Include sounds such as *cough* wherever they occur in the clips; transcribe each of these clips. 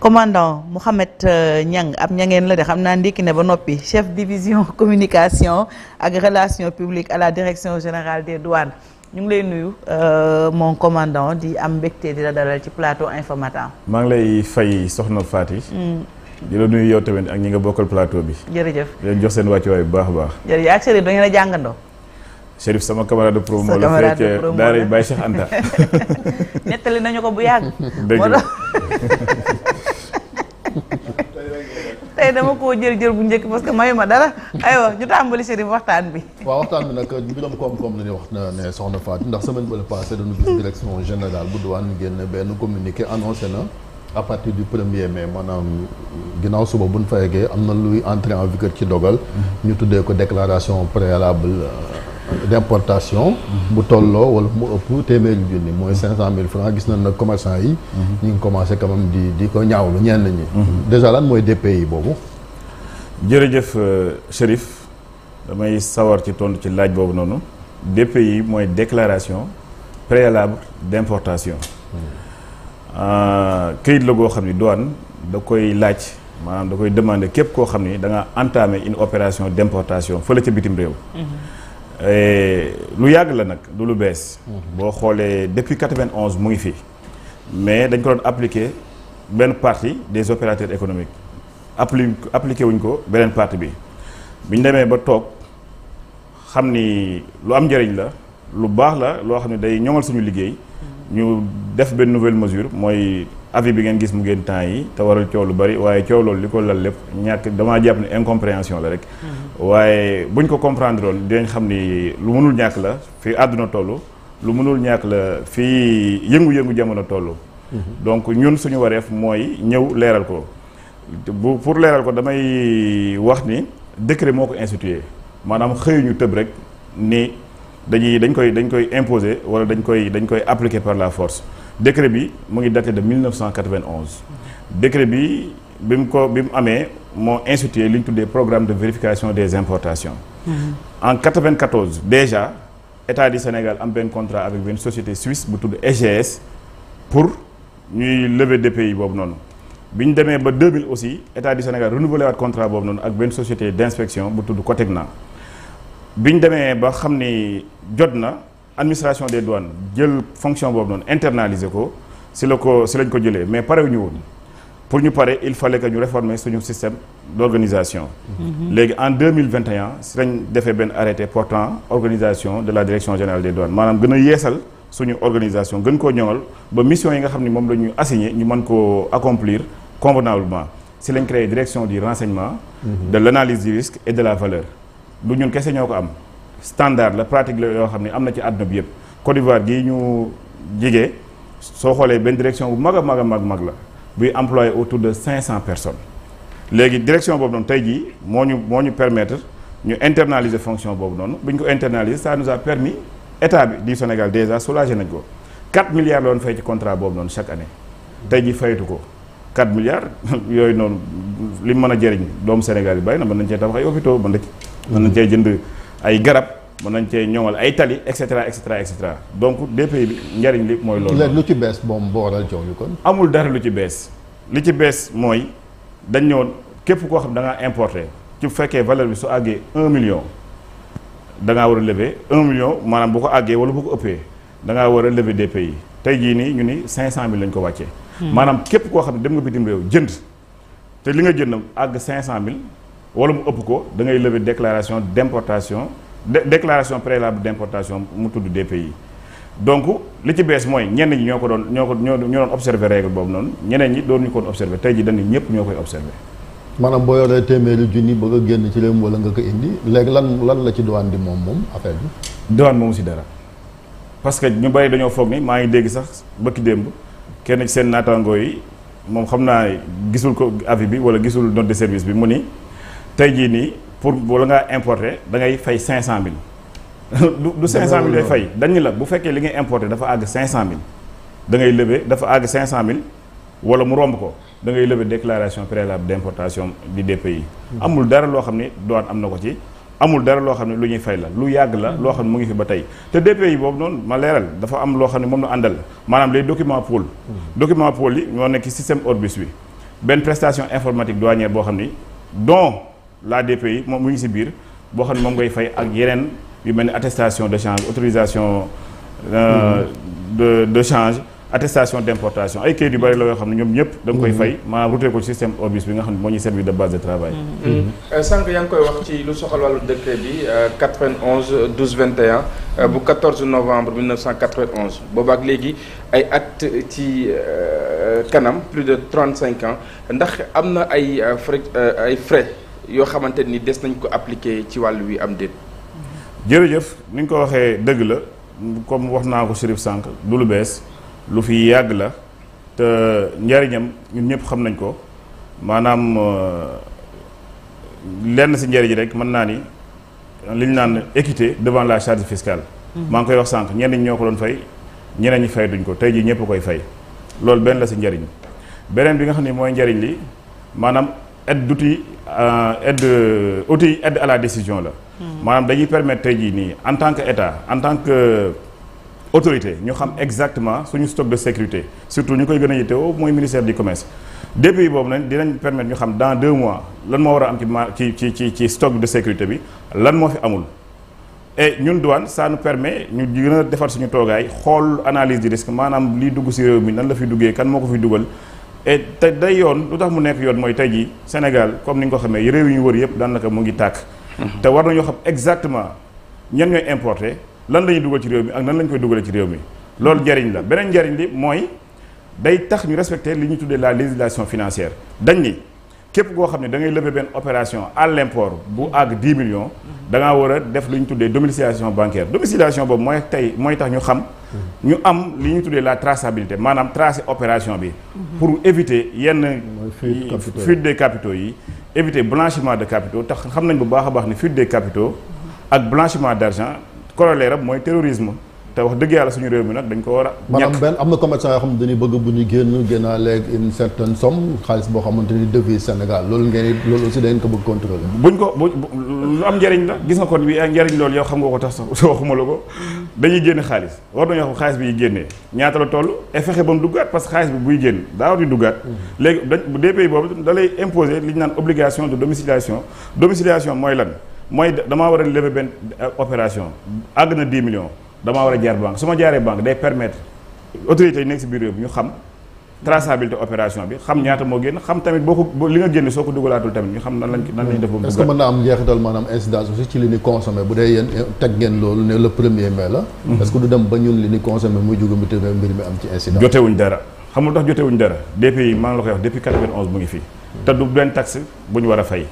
commandant Mouhamed euh, Niang ab ñangeen la de xam naa ndikki ne ba noppi chef division *laughs* communication ak relations publiques à la direction générale des douanes ñu ngi lay nuyu euh, mon commandant di am mbekk di la dalal ci plateau Infos Matin maa ngi lay fay soxna Faty mm. di la nuyu yow tamit ak ñi nga bokkal plateau bi jërëjëf di leen jox seen wàccuwaay bu baax a baax jërëjëf ak Chérif da ngeen a jàngandoo Chérif sama camarade de promo la fekk daara Baye Cheikh Anta *laughs* nettali ko bu yàgg dëgg *laughs* tey dama koo jël jël bu njëkk parce que mayu ma dara aywa ñu tàmbali Chérif waxtaan bi. waaw waxtaan bi nag mbiram koom-koom la ñuy wax ne soxna Fatou ndax semaine bële passé dañu gis direction générale bu douane génn benn communiqué annoncé na. à partir du premier mai maanaam ginnaaw suba bu ñu fa yeggee am na luy entrer en vigueur ci dogal. Mm-hmm. ñu tuddee ko déclaration préalable. Euh, d'importation. bu tolloo wala mu ëpp téeméeri junni mooy cinq cent mille francs gis nañ nag commerçant yi. ñu ngi commencé quand même di di ko ñaawlu ñenn ñi. déjà lan mooy DPI boobu. jërëjëf euh, Chérif damay sawar ci tontu ci laaj boobu noonu DPI mooy déclaration préalable d'importation. Euh, këyit la goo xam ni douane da koy laaj. maanaam da koy demander képp koo xam ni da nga entamer une opération d'importation fële ca bitim réew. Mhm. lu yàgg la nag lu lu bees. boo xoolee depuis 91 mu ngi fii mais dañ ko doon appliqué benn partie des opérateurs économiques appli appliqué wuñ ko beneen partie bi bi ñu demee ba toog xam ni lu am njëriñ la lu baax la loo xam ne day ñoŋal suñu liggéey. ñu def benn nouvelle mesure mooy avis bi ngeen gis mu ngeen temps yi te waral coow lu bari waaye coow loolu li ko lal lépp ñàkk damaa jàpp ne incompréhension la rek. Mm-hmm. waaye bu buñ ko comprendre woon dinañ xam ni lu mënul ñàkk la fii àdduna toll lu mënul ñàkk la fii yëngu-yëngu jamono toll. Mm-hmm. donc ñun suñu wareef mooy ñëw leeral ko bu pour leeral ko damay wax ni décret moo ko institué maanaam xëyuñu tëb rek ni. dañuy dañ koy dañ koy imposer wala dañ koy dañ koy appliquer par la force décret bi mu ngi daté de 1991 décret bi bi mu ko bi mu amee moo institué li ñu tuddee programme de vérification des importations. Mm -hmm. en 94 déjà état du Sénégal am benn contrat avec benn société suisse bu tudd EGS pour ñuy lever des pays boobu noonu. bi ñu demee ba 2000 aussi état du Sénégal renouvelé waat contrat boobu noonu ak benn société d' inspection bu tudd Cotecna. bi ñu demee ba xam ni jot na administration des douanes jël fonction boobu noonu internaliser ko si la ko si lañ ko jëlee mais parewuñu woon pour ñu pare il fallait que ñu réformer suñu système d'organisation. Mm-hmm. léegi en deux mille vingt si lañ defee benn arrêté portant organisation de la direction générale des douanes maanaam gën a yeesal suñu organisation gën koo ñëwal ba mission yi nga xam ni moom la ñu assigné ñu mën ko accomplir convenablement si lañ créé direction du renseignement. Mm-hmm. de l'analyse et de la valeur. du ñun kese ñoo ko am standard la pratique la yoo xam ne am na ci àdduna bi yëpp Côte d'Ivoire gii ñu jigee soo xoolee benn direction bu mag a mag a mag mag la buy employé autour de cinq cent personnes léegi direction boobu noonu tey jii moo ñu moo ñu permettre ñu internaliser fonction boobu noonu buñ ko internaliser ça nous a permis état bi du Sénégal déjà soulagé nañ ko 4 milliards la doon fay ci contrat boobu noonu chaque année tey ji fayatu ko 4 milliards *laughs* yooyu noonu li mën a jëriñ doomu Sénégal yi na mën nañ cee ay hôpitaux mën na ci mën nañ cee jënd ay garab mën nañ cee ñoŋal ay tali et cetera et cetera et cetera donc DPI njariñ li mooy loolu. lu ci bees moom boo waral coow ñu kon. amul dara lu ci bees li ci bees mooy dañ ñëwoon képp koo xam da ngaa importé ci fekkee valeur bi su àggee un million da ngaa war a lever un million maanaam bu ko àggee wala boo ko ëppee da ngaa war a lever DPI tey jii nii ñu ni cinq cent mille lañ ko wàccee. Hmm. maanaam képp koo xam ne dem nga bitim réew jënd te li nga jënd àgg cinq cent mille. wala mu ëpp ko dangay ngay lever déclaration d' importation déclaration préalable d' importation mu tudd DPI donc li ci bees mooy ñenn ñi ñoo ko doon ñoo ko ñoo doon observé règle boobu noonu ñeneen ñi doon ñu ko observé tey ji dañu ñëpp ñoo koy observé maanaam boo yoree téeméeri junni bëgg a génn ci réew mi wala nga ko indi léegi lan lan la ci douane di moom moom affaire bi douane moomu si dara parce que ñu bari dañoo foog ni maa ngi dégg sax bëkki démb kenn ci seen naataangoo yi moom xam naa gisul ko avis bi wala gisul note service bi mu ni tey jii nii pour wala ngaa importer da ngay fay 500000 *laughs* du du 500000 ngay fay dañu la bu fekkee li ngay importer dafa àgg 500000 da ngay lever dafa àgg 500000 wala mu romb ko dangay ngay lever déclaration préalable d' importation du DPI. Hmm. amul dara loo xam ne douane am na ko ci. amul dara loo xam ne lu ñuy fay la lu yàgg la loo xam ne mu ngi fi ba tey te DPI boobu noonu ma leeral dafa am loo xam ne moom la àndal maanaam les document pôle hmm. document pôle yi ñoo nekk système Orbus bi benn prestation informatique douanière boo xam ni don la DPI moom mu ngi si biir boo xam ne moom ngay fay ak yeneen yu mel ni attestation de change autorisation euh, de de change attestation d' importation ay kayit yu bari la yoo xam ne ñoom ñëpp da koy mm-hmm. fay ma routé ko système obis bi nga xam ne moo ñuy service de base de travail mm-hmm. Mm-hmm. Euh, sànq yaa ngi koy wax ci lu soxal wàllu décret bi 91 12 21 bu 14 novembre 1991 boobaak léegi ay at ci euh, kanam plus de cinq ans ndax am na ay frais ay frais yoo xamante ni des nañ ko appliquer ci wàll wi am déet. jërëjëf ni nga ko waxee dëgg la comme wax naa ko Chérif Sànq du lu bees lu fi yàgg la te njariñam ñun ñëpp xam nañ ko maanaam euh, lenn si njariñ rek mën naa ni li ñu naan équité devant la charge fiscale. Mhm. maa ngi koy wax sànq ñenn ñi ñoo ko doon fay ñeneen ñi fay duñ ko tey jii ñëpp koy fay loolu benn la si njariñ beneen bi nga xam ne mooy njariñ li maanaam. aide d'outil euh, aide outil aide à la décision la hmm. maanaam dañuy permettre tey jii nii en tant que état en tant que autorité ñu xam exactement suñu stock de sécurité surtout ñu koy gën a yittewoo mooy ministère du commerce depuis boobu nag dinañ permettre ñu xam dans deux mois lan moo war a am ci ma ci ci ci ci stock de sécurité bi lan moo fi amul e ñun douane ça nous permet ñu gën a defar suñu toogaay xool analyse du risque maanaam liy dugg si réew mi nan la fi duggee kan moo ko fi dugal et te day yoon lu tax mu nekk yoon mooy tey jii Sénégal comme ni nga ko xamee réew yi ñu wër yëpp daanaka mu ngi tàkk. Mhm. te war nañoo xam exactement ñan ñooy importer lan la ñuy dugal ci réew mi ak nan la koy dugalee ci réew mi loolu njariñ la beneen njariñ li mooy day tax ñu respecter li ñu tuddee la législation financière dañ ni képp koo xam ne da ngay lever benn opération à l'import bu àgg 10 millions mhm. da ngaa war a def lu ñu tuddee domiciliation bancaire domiciliation boobu mooy tey mooy tax ñu ñu am li ñu tuddee la traçabilité maanaam tracer opération bi. pour éviter yenn. fuite des capitaux yi. éviter blanchiment de capitaux tax xam nañ bu baax a baax ne fuite des capitaux. ak blanchiment d' argent corollaire am mooy terrorisme. te wax dëgg yàlla suñu réew mi nag dañ ko war a. ñàkk maanaam benn am na commerçant yoo xam ne dañuy bëgg bu ñu génn génnaa léeg une certaine somme xaalis boo xamante ni devise Sénégal loolu ngeen loolu aussi dañ ko bëgg contrôler. buñ ko lu am njëriñ la gis nga ko bi njëriñ loolu yow xam nga ko tax sax *laughs* waxuma la ko dañuy génn xaalis war nañoo xam xaalis bi génnee ñaata la toll et fexe ba mu duggaat parce que xaalis bi buy génn daa war di duggaat. Mm-hmm. léegi dañ bu DPI boobu da lay li ñu naan obligation de domiciliation domiciliation mooy lan mooy damaa war a lever benn euh, opération àgg na 10 damaa war a jaar banque su ma jaaree banque day permettre autorités yi nekk si biir réew bi ñu xam traçabilité opération bi xam ñaata moo génn xam tamit boo ko li nga génne soo ko dugalaatul tamit ñu xam nan lañ nan lañ def ba est-ce que mën naa eh, mm-hmm. du dem ba ñun li ñu consommé muy jóga mbir mi am ci incidence jotewuñ dara xamul tax jotewuñ dara depuis maa ngi la koy wax depuis 91 mu ngi fii te du benn taxe bu ñu war a fay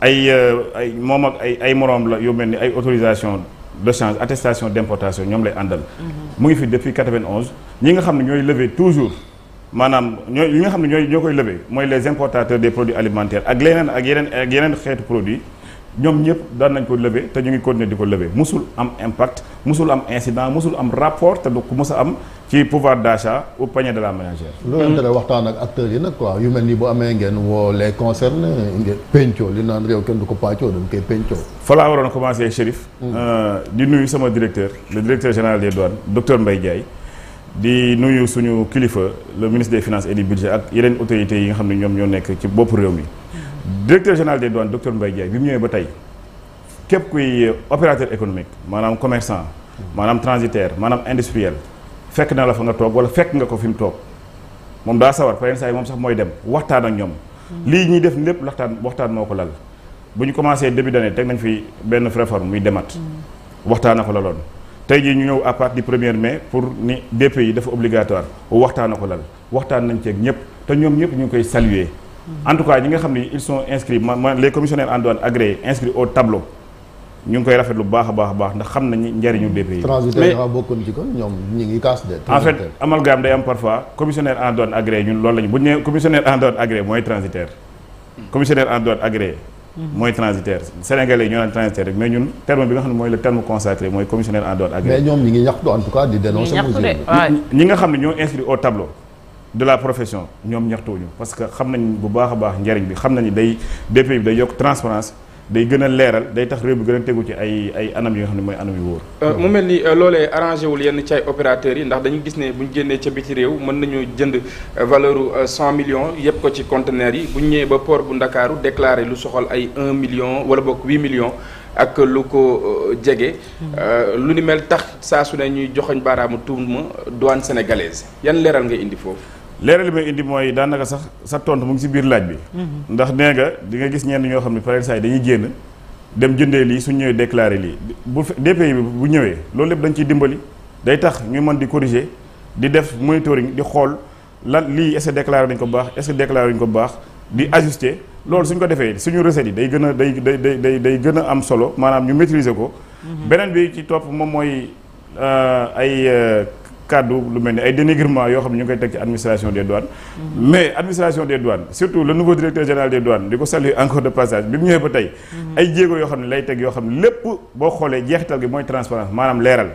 ay euh, moom ak ay ay la yu mel ni ay autorisation de change attestation d' importation ñoom lay àndal. mu ngi fi depuis 91 ñi nga xam ne ñooy lever toujours maanaam ñooy ñi nga xam ne ñooy ñoo koy lever mooy les importateurs des produits alimentaires ak leneen ak yeneen ak yeneen xeetu produit ñoom ñëpp daan nañ ko lever te ñu ngi continuer di ko levee musul am impact musul am incident mosul am rapport te du ko mës a am. ci pouvoir d'achat au panier de la ménagère. loolu dara waxtaan ak acteurs yi nag quoi yu mel ni bu amee ngeen woo les concernés ngeen pencoo li naan réew kenn du ko pàccoo dañ koy pencoo. fa laa waroon commencé Chérif. Mm. Euh, di nuyu sama directeur la directeur général des douanes docteur mbay Ndiaye. di nuyu suñu kilifa le ministre des finances et du budget ak yeneen autorités yi nga xam ne ñoom ñoo nekk ci bopp réew mi. directeur général de douanes docteur Mbaye Ndiaye bi mu ba tey képp kuy opérateur économique maanaam commerçant. maanaam transitaire maanaam industriel. fekk na la fa nga toog wala fekk nga ko fi mu toog moom daa sawar par exemple moom sax mooy dem waxtaan a ñoom. Hmm. lii ñuy def lépp laxtaan waxtaan moo ko lal bu ñu commencé début d'année teg nañ fi benn réforme muy demat. Hmm. waxtaan na ko laloon tey jii ñu ñëw à partir du mais pour ni DPI dafa obligatoire waxtaan na ko lal waxtaan nañ ceeg ñëpp te ñoom ñëpp ñu ngi koy saluer. Hmm. en tout cas ñi nga xam ni ils sont inscrits man les commissionnaires en douane agréés inscrits ñu ngi koy rafetlu bu baax a baax a baax ndax xam nañu njëriñu DPI. mais dafa bokkoon ci kon ñoom ñu ngi casse de. en fait amalgame day am parfois commissionnaire en douane agréé ñun loolu la ñu bu ñu nee commissionnaire en douane agréé hmm. hmm. yi ñoo nga xam ne ñoo inscrit au tableau. de la profession ñoom ñaxtuwuñu parce que xam nañ bu baax a baax njëriñ bi xam nañu day DPI bi day yokk transparence day gën a leeral day tax réew mi gën tegu ci ay ay anam yi nga xam ne mooy anam yu wóor. Euh, mu mel ni euh, loolee arrangé wul yenn ci ay opérateurs yi ndax dañu gis ne bu ñu génnee ca biti réew mën nañu jënd euh, valeur cent millions yëpp ko ci conteneurs yi bu ñu ñëwee ba port bu Ndakaaru déclaré lu soxal ay un million wala bokk huit millions ak lu ko jege. lu ni mel tax saa su ne ñuy joxoñ baaraamu tuuma douane sénégalaise yan leeral nga indi foofu. leeral li may indi mooy daanaka sax sa tontu mu ngi si biir laaj bi. Mhm. ndax nee nga nga gis ñenn ñoo xam ne pare saa yi dañuy génn dem jëndee lii suñ ñëwee déclaré lii bu DPI bi bu ñëwee loolu lépp dañ ciy dimbali day tax ñu man di corriger di def monitoring di xool lan lii est-ce que déclaré nañ ko baax est-ce que déclaré ko baax di ajuster loolu suñ ko defee suñu recettes yi day gën a day day day day day gën a am solo maanaam ñu maîtriser ko. Mhm. beneen bi ci topp moom mooy euh, ay. Euh, kàddu lu mel ni ay dénigrement yoo xam ne ñu ngi koy teg ci administration des douanes mm-hmm. mais administration des douanes surtout le nouveau directeur général des douanes di ko saluer encore de passage bi mu ñëwee ba tey mm-hmm. ay jéego yoo xam ne lay teg yoo xam ne lépp boo xoolee jeexital gi mooy transparence maanaam leeral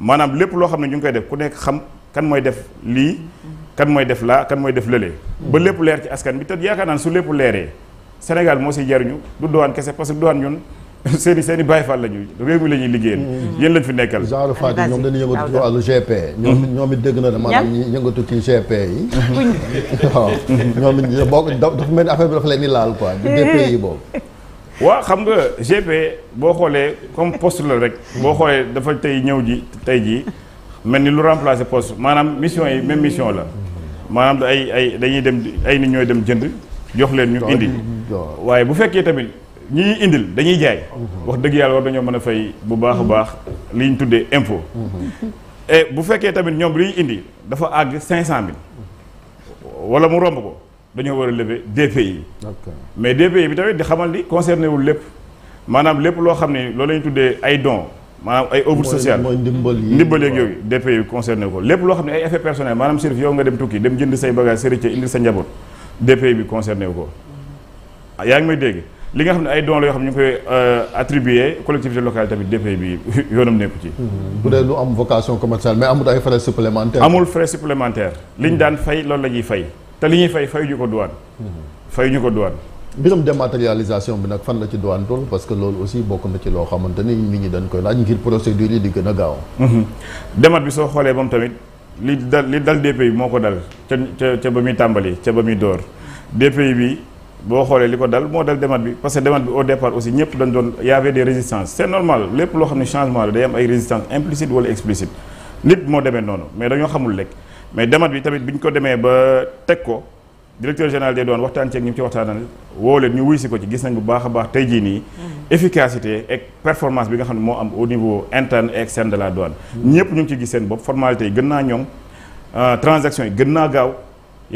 maanaam lépp loo xam ne ñu ngi koy def ku nekk xam kan mooy def lii mm-hmm. kan mooy def laa kan mooy def lële ba lépp leer ci askan bi te yaakaar naan su lépp leeree Sénégal moo si jariñu du douane kese parce que douane *laughs* seen i seen i Baay Faal lañu réew mi la ñuy liggéeyal. Mm-hmm. yéen lañ fi nekkal. genre Fatick ñoom dañuy yëngatu ci wàllu GP. ñoom ñoom it dégg na ne maanaam yëngatu ci GP yi. *laughs* boo ko dafa mel ni affaire bi dafa laal quoi du GP yi boobu. *laughs* waaw xam nga GP boo xoolee comme poste la rek. boo xoolee dafa tey ñëw ji tey jii mel ni lu remplacer poste maanaam mission yi même mission la maanaam ay ay dañuy dem ay ni ñooy dem jënd jox leen ñu indi. waaye bu fekkee tamit. ñi ñuy indil dañuy jaay wax dëgg yàlla war dañoo mën a fay bu baax a mm-hmm. baax li ñu tuddee impôt mm-hmm. bu fekkee tamit ñoom li ñu indi dafa àgg cinq cent mille wala mu romb ko dañoo war a lever DPI mais DPI bi tamit di xamal ni concerné wul lépp maanaam lépp loo xam ne loolu la tuddee ay dons maanaam ay œuvre sociale mooy ndimbal yi ndimbal yeeg yooyu DPI bi concerné ko lépp loo xam ne ay effet personnel maanaam Chérif yow nga dem tukki dem jënd say bagage serité indil sa njaboot DPI bi concerné wu ko ah, li nga xam ne ay dons la yoo xam ne ñu ngi koy euh, attribué collectivité locale tamit DPV bi *laughs* yoonam nekku ci. Mm-hmm. bu dee lu am vocation commerciale mais amul ay frais supplémentaires. amul frais supplémentaire li ñu mm-hmm. daan fay loolu la ñuy fay te li ñuy fay fayuñu ko douane. Mm-hmm. fayuñu ko douane. mbiram dématérialisation bi nag fan la ci douane toll parce que loolu aussi bokk na ci loo xamante ni nit ñi dañ koy laaj ngir procédure yi di gën a gaaw. demat bi soo xoolee moom tamit li dal li moo ko dal ba muy tàmbali ca ba muy boo xoolee li ko dal moo dal demat bi parce que demat bi au départ aussi ñëpp dañ doon y avait des résistances c'est normal lépp loo xam ne changement day am ay résistances implicites wala explicites nit moo demee noonu mais dañoo xamul lekk mais demat bi tamit bi ñu ko demee ba teg ko directeur général day doon waxtaan ceeg ñi mu ci waxtaanal woo leen ñu wuy ko ci gis nañ bu baax a baax tey ji nii mm-hmm. efficacité ak performance bi nga xam ne moo am au niveau interne et externe de la mm-hmm. ñëpp ñu ngi ci gis seen bopp formalité yi naa ñoŋ euh, transaction yi gën naa gaaw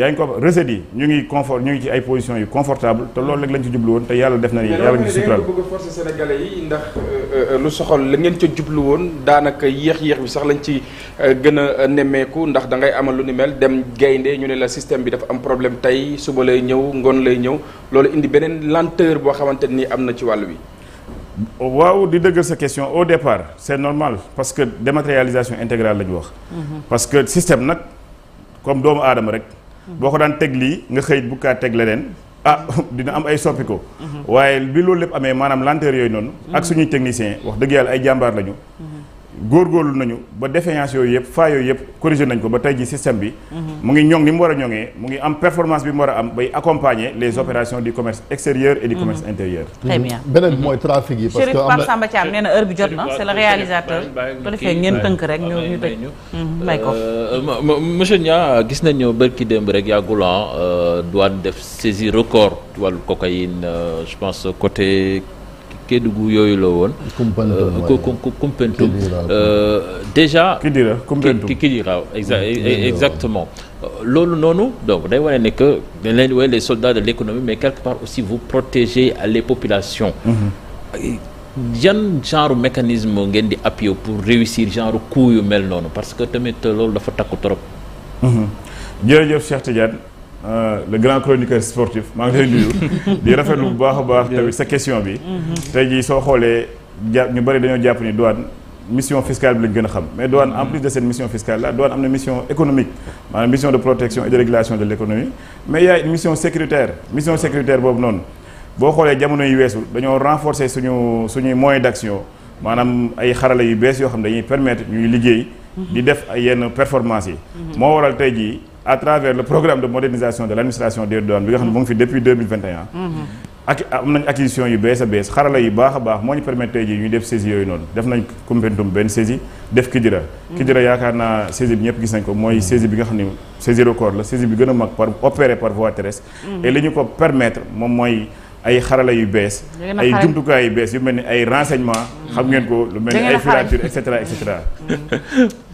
yaa ngi ko recettes yi ñu ngi confort ñu ngi ci ay positions yu confortable te loolu rek lañ ci jublu woon te yàlla def na ni yàlla ñu suturaal bëgg a forcer yi ndax euh, euh, lu soxal la ngeen ca jublu woon daanaka yéex-yéex bi sax lañu ci euh, gën a nemmeeku ndax dangay ngay amal lu ni mel dem gaynde ñu ne la système bi dafa am problème tey suba lay ñëw ngoon lay ñëw loolu indi beneen lenteur boo xamante ni am na ci wàll wi waaw di dëgg sa question au départ c'est normal parce que dématérialisation intégrale la ñu wax mhm. nag comme doomu aadama rek boo ko daan teg lii nga xëyit bu kaa teg leen ah *laughs* dina am ay soppi ko mhm. waaye bi loolu lépp amee maanaam lenteur yooyu noonu ak mhm. suñuy technicien wax dëgg yàlla ay jàmbaar lañu mhm. góor góorlu nañu ba défaillance yooyu yëpp faa yooyu yëpp corrigé nañ ko ba tey ji système bi mhm. mu ngi ñoŋ ni mu war a ñoŋee mu ngi am performance bi mu war a am bay accompagner les mhm. opérations du commerce extérieur et du mhm. commerce intérieur très bien beneen mooy trafic yi parce que Pape Samba Thiam nee na heure bi jot na c'est le réalisateur bu defee ngeen tënk rek ñu ñu tëj may ko euh, monsieur Nia gis nañu bërki démb rek yàggulan ah, euh, douane def saisie record wàllu cocaïne euh, je pense côté Kédougou yooyu la woon. Koumpentoum euh, euh, déjà. Kidira Koumpentoum Kidira e- e- exactement. Euh, loolu noonu donc day wane ne que dañ leen woowee les soldats de l'économie mais quelque part aussi vous protégez les populations. Mhm. yan genre mécanisme ngeen di appuyer pour réussir genre coup yu mel noonu parce que tamit loolu dafa takku trop. Mhm. Euh, le grand chroniqueur sportif maa ngi lay nuyu. *laughs* di rafetlu bu baax baax tamit sa question bi. Mhm. tey jii soo xoolee jàpp ñu bari dañoo jàpp ni douane mission fiscale bi lañ gën a xam mais douane en plus de cette mission fiscale là douane am na mission économique maanaam mission de protection et de régulation de l'économie mais y mission sécuritaire mission sécuritaire boobu noonu boo xoolee jamono yu weesu dañoo renforcer suñu suñuy moyens d'action maanaam ay xarala yu bees yoo xam dañuy permettre ñuy liggéey. di mhm. def ay yenn performances yi. Mhm. à travers le programme de modernisation de l' administration des bi nga xam ne mu fi depuis 2021 ak am nañ acquisition yu bees a bees xarala yu baax a baax moo ñu permettre tey jii ñuy def saisie yooyu noonu def nañ Koumpentoum benn saisie def Kidira Kidira yaakaar naa saisie bi ñëpp gis nañ ko mooy saisie bi nga xam ne saisie record la saisie bi gën a mag par opéré par voie terrestre mhm. et li ñu ko permettre moom mooy ay xarala yu bees ay jumtukaay yu bees yu mel ni ay renseignement mhm. xam ngeen ko lu mel ni ay filature et cetera mhm.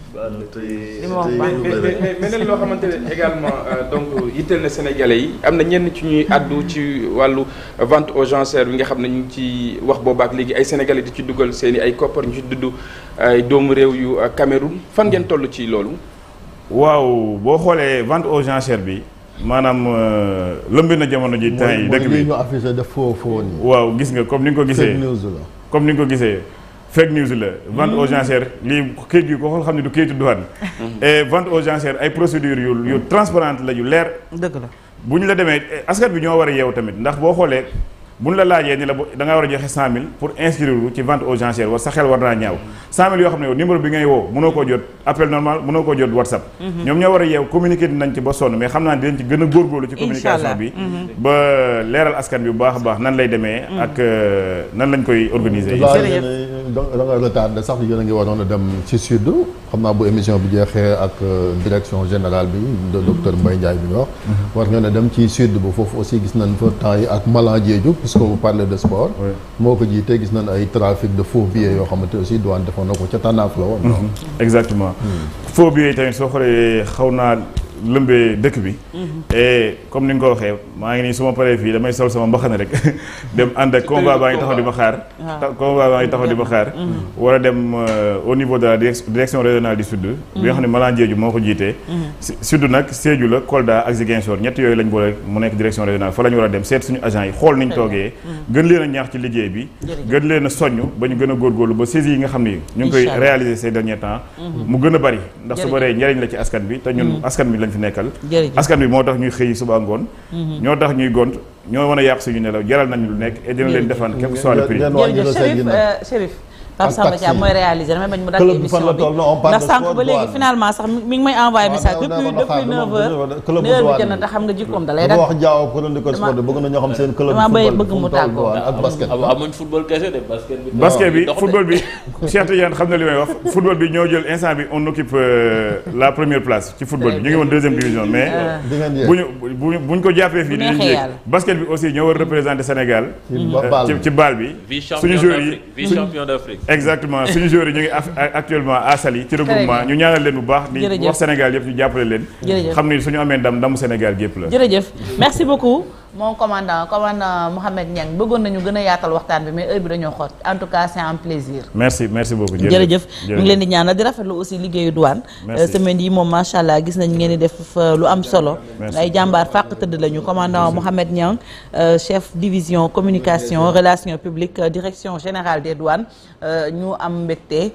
beneen loo xamante ne également euh, donc yitteel na sénégalais yi am na ñenn ci ñuy àddu ci wàllu vente aux enchères bi nga xam ne ñu ngi ci wax boobaak léegi ay sénégalais di ci dugal seen i ay koppar ñu ci dudd ay doomu réew yu euh, Cameroun fan ngeen toll ci loolu waaw boo xoolee vente aux enchères bi maanaam euh, lëmbi na jamono ji temps yi dëkk bi waaw gis nga comme ni nga ko gisee comme ni nga ko gisee fake news la vente aux enchères lii këyit gi ko xool xam ne du këyitu douane mm-hmm. et vente aux enchères ay procédures yu yu transparente la yu leer dëgg la bu ñu la demee askan bi ñoo war a yeewu tamit ndax boo xoolee mun ñu la laajee ni la da nga war a joxe 100000 pour inscrire wu ci vente aux enchères war sa xel war naa ñaaw 100000 yoo xam ne yow numéro bi ngay woo mënoo koo jot appel normal mënoo koo jot whatsapp mhm. ñoom ñoo war a yeew communiqué dinañ ci ba sonn mais xam naa dinañ ci gën a góorgóorlu ci communication bi mhm. ba leeral askan bi bu baax a baax nan lay demee mhm. ak euh, nan lañ koy organiser da nga retardé sax yéen a ngi waroon a dem ci sud xam naa bu émission bi jeexee ak euh, direction générale bi de docteur Mbaye Ndiaye bi ñu wax war ngeen a dem ci sud bu foofu aussi gis nañ fa temps yi ak Malang Diédhiou puisque vous parlez de sport. moo ko jiitee gis nañ ay trafic de faux billets yoo xamante aussi douane defoon na ko ca tànnaaf la woon. Mhm. exactement. Hmm. faux billets tamit soo xoolee xaw naa. lëmbee dëkk bi. et comme ni nga ko waxee maa ngi nii su ma paree fii damay sol sama mbaxana rek *laughs* dem ànd ak convoi baa ngi taxaw di ma xaar. waaw ah. convoi baa ngi taxaw di ma mm-hmm. xaar. Mm-hmm. war a dem euh, au niveau de la direction sud. bi xam ne mm-hmm. Malang Diédhiou moo ko jiitee. sud nag Sédhiou la Kolda ak Ziguinchor ñett yooyu lañ boole mu nekk direction régionale fa la war a dem seet suñu agent yi xool niñ toogee. gën leen a ñaax ci liggéey bi. gën leen a soññ ba ñu gën a góor góorgóorlu ba saisi yi nga xam ne ñu ngi koy réaliser ces derniers temps. mu gën a bari ndax su baree njariñ la ci askan bi te ñun askan bi lañ fi nekkal askan bi moo tax ñuy xëy suba ngoon mhm. ñoo tax ñuy gont ñoo mën a yàq suñu nelaw jaral nañu lu nekk et leen defaan quel soit le prix Pape Samba Thiam mooy réaliser damay bañ mu dagg émission bi ndax sànq ba léegi finalement sax mi ngi may envoyé ah, message depuis depuis 9h heure bi jënd te xam nga jikkoom da lay wax jaaw ko doon di ko basket bi football bi Cheikh Tidiane xam na li may wax football bi ñoo jël instant bi on occupe euh, la première place ci football bi ñu ngi woon deuxième division mais ah. buñu buñu buñ ko jàppee fii dinañ jéeg basket bi aussi ñoo exactement suñu joueurs yi ñu ngi actuellement à Saly ci regroupement ñu ñaanal leen bu baax di wax Sénégal yëpp ñu jàppale leen xam ni suñu amee ndam ndamu Sénégal gépp la jërëjëf merci beaucoup mon commandant commandant Mouhamed Niang bëggoon nañu gën a yaatal waxtaan bi mais heure bi dañoo xoot en tout cas c'est plaisir. merci merci beaucoup jërëjëf ñu ngi leen di ñaanal di rafetlu aussi liggéeyu douane. Euh, semaine yi moom macha allah gis nañ ngeen di def lu am solo. ay jàmbaar fàq tëdd lañu commandant Mouhamed Niang euh, chef division communication relation publiques euh, direction générale des douanes ñu am mbégte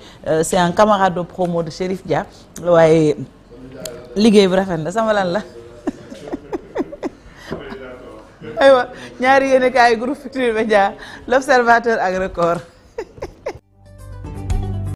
c'est un camarade de promo de Chérif Dia waaye liggéey bu rafet na sama lan la. aywa ñaari yéenekaay yi groupe Futurs Médias l'Observateur ak Record *laughs*